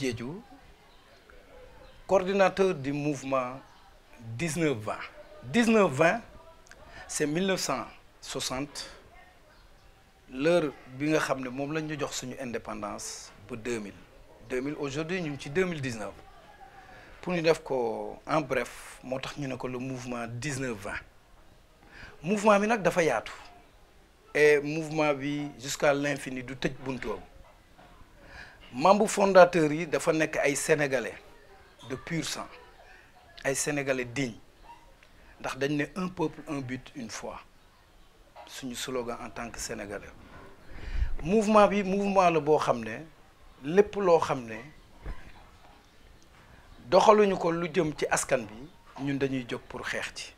Diédhiou coordinateur du mouvement 19-20 19-20 c'est 1960 l'heure bi nga xam ne moom lañ ñu jox suñu indépendance ba 2000 2000 aujourd'hui ñu ngi ci 2019 pour ñu def ko en bref moo tax ñu ne ko le mouvement 19-20 mouvement bi nag dafa yaatu et mouvement bi jusqu'à l'infini du tëj buntoom membre fondateur yi dafa nekk ay sénégalais de pur sang ay sénégalais digne ndax dañ ne un peuple un but une fois suñu slogan en tant que sénégalais mouvement bi mouvement la boo xam ne lépp loo xam ne doxaluñu ko lu jëm ci askan bi ñun dañuy jóg pour xeex ci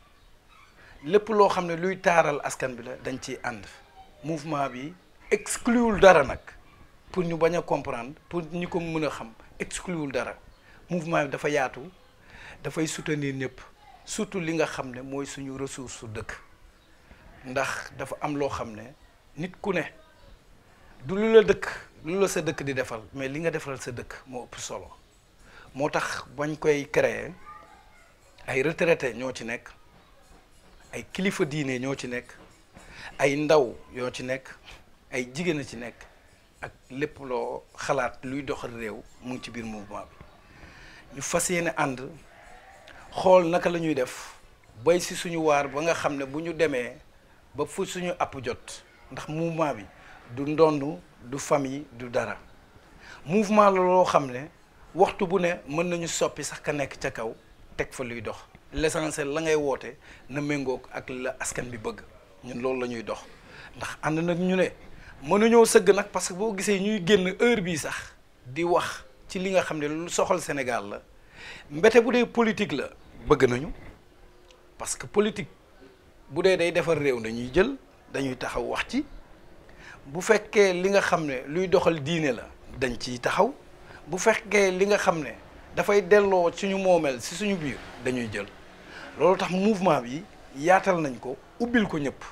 lépp loo xam ne luy taaral askan bi la dañ ci ànd mouvement bi excluwul dara nag pour ñu bañ a comprendre pour ñu ko mën a xam excluwul dara mouvement bi dafa yaatu dafay soutenir ñëpp surtout li nga xam ne mooy suñu ressource su dëkk ndax dafa am loo xam ne nit ku ne du lu la dëkk lu la sa dëkk di defal mais li nga defal sa dëkk moo ëpp solo moo tax bañ koy créer ay retraité ñoo ci nekk ay kilifa diine ñoo ci nekk ay ndaw yoo ci nekk ay jigéen a ci nekk ak lépp loo xalaat luy doxal réew mu ci biir mouvement bi ñu fas yéene ànd xool naka lañuy def bay si suñu waar ba nga xam ne bu ñu demee ba fu suñu app jot ndax mouvement bi du ndond du famille du dara mouvement la loo xam ne waxtu bu ne mën nañu soppi sax ka nekk ca kaw teg fa luy dox l'essentiel la ngay woote na méngoog ak la askan bi bëgg ñun loolu la ñuy dox ndax ànd nag ñu ne mënuñoo sëgg nag parce que boo gisee ñuy génn heure bii sax di wax ci li nga xam ne lu soxal Sénégal la mbete bu dee politique la bëgg nañu parce que politique bu dee day defar réew dañuy jël dañuy taxaw wax ci bu fekkee li nga xam ne luy doxal diine la dañ ciy taxaw bu fekkee li nga xam ne dafay delloo suñu moomeel si suñu biir dañuy jël loolu tax mouvement yi yaatal nañ ko ubbil ko ñëpp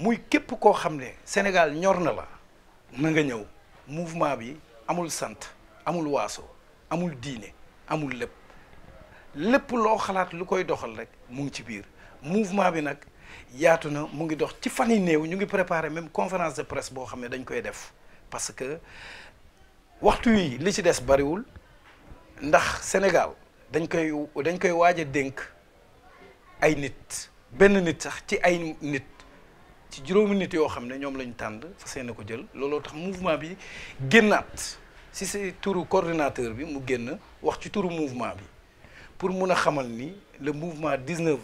muy képp koo xam ne Sénégal ñor na la na nga ñëw mouvement bi amul sant amul waaso amul diine amul lépp lépp loo xalaat lu koy doxal rek mu ngi ci biir mouvement bi nag yaatu na mu ngi dox ci fan yi néew ñu ngi préparer même conférence de presse boo xam ne dañ koy def parce que waxtu yi li ci des bariwul ndax Sénégal dañ koy dañ koy waaj a dénk ay nit benn nit sax ci ay nit ci juróomi nit yoo xam ne ñoom lañ tànd fas yéene ko jël looloo tax mouvement bi génnaat si si turu coordinateur bi mu génn wax ci turu mouvement bi pour mun a xamal ni le mouvement 19-20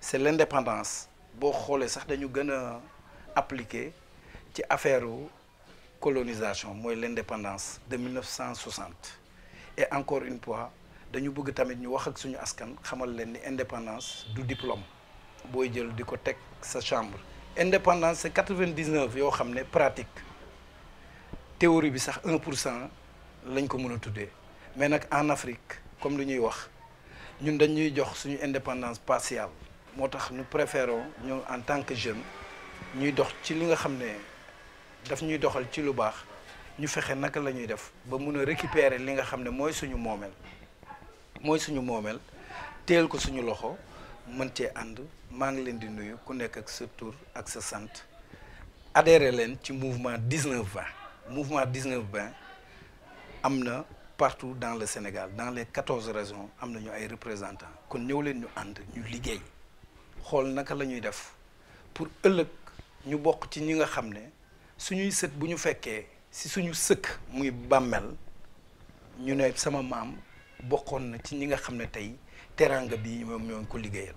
c'est l'indépendance boo xoolee sax dañu gën a appliqué ci affaire colonisation mooy l'indépendance de 1960 et encore une fois dañu bëgg tamit ñu wax ak suñu askan xamal leen ni indépendance du diplôme booy jël di ko teg sa chambre indépendance c'est quatre-vingt-dix-neuf yoo xam ne pratique théorie bi sax un pour cent lañ ko mën a tuddee mais nag en Afrique comme lu ñuy wax ñun dañuy jox suñu indépendance partielle moo tax ñu préférons ñu en tant que jeune ñuy dox ci li nga xam ne daf ñuy doxal ci lu baax ñu fexe naka la ñuy def ba mun a récupérer li nga xam ne mooy suñu moomeel mooy suñu moomeel teel ko suñu loxo mën cee ànd maa ngi leen di nuyu ku nekk ak sa tur ak sa sant adhéré leen ci mouvement 19 20 mouvement 19 20 am na partout dans le Sénégal dans les 14 régions am na ñu ay représentant kon ñëw leen ñu ànd ñu liggéey xool naka la ñuy def pour ëllëg ñu bokk ci ñi nga xam ne suñuy sët bu ñu fekkee si suñu sëkk muy bàmmeel ñu ne sama maam bokkoon na ci ñi nga xam ne tey. teraanga bi moom ñoo ko liggéeyal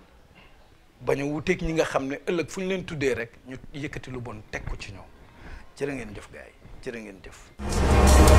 bañ a wuteeg ñi nga xam ne ëllëg fu ñu leen tuddee rek ñu yëkkati lu bon teg ko ci ñoom jërë ngeen jëf gaay yi ngeen jëf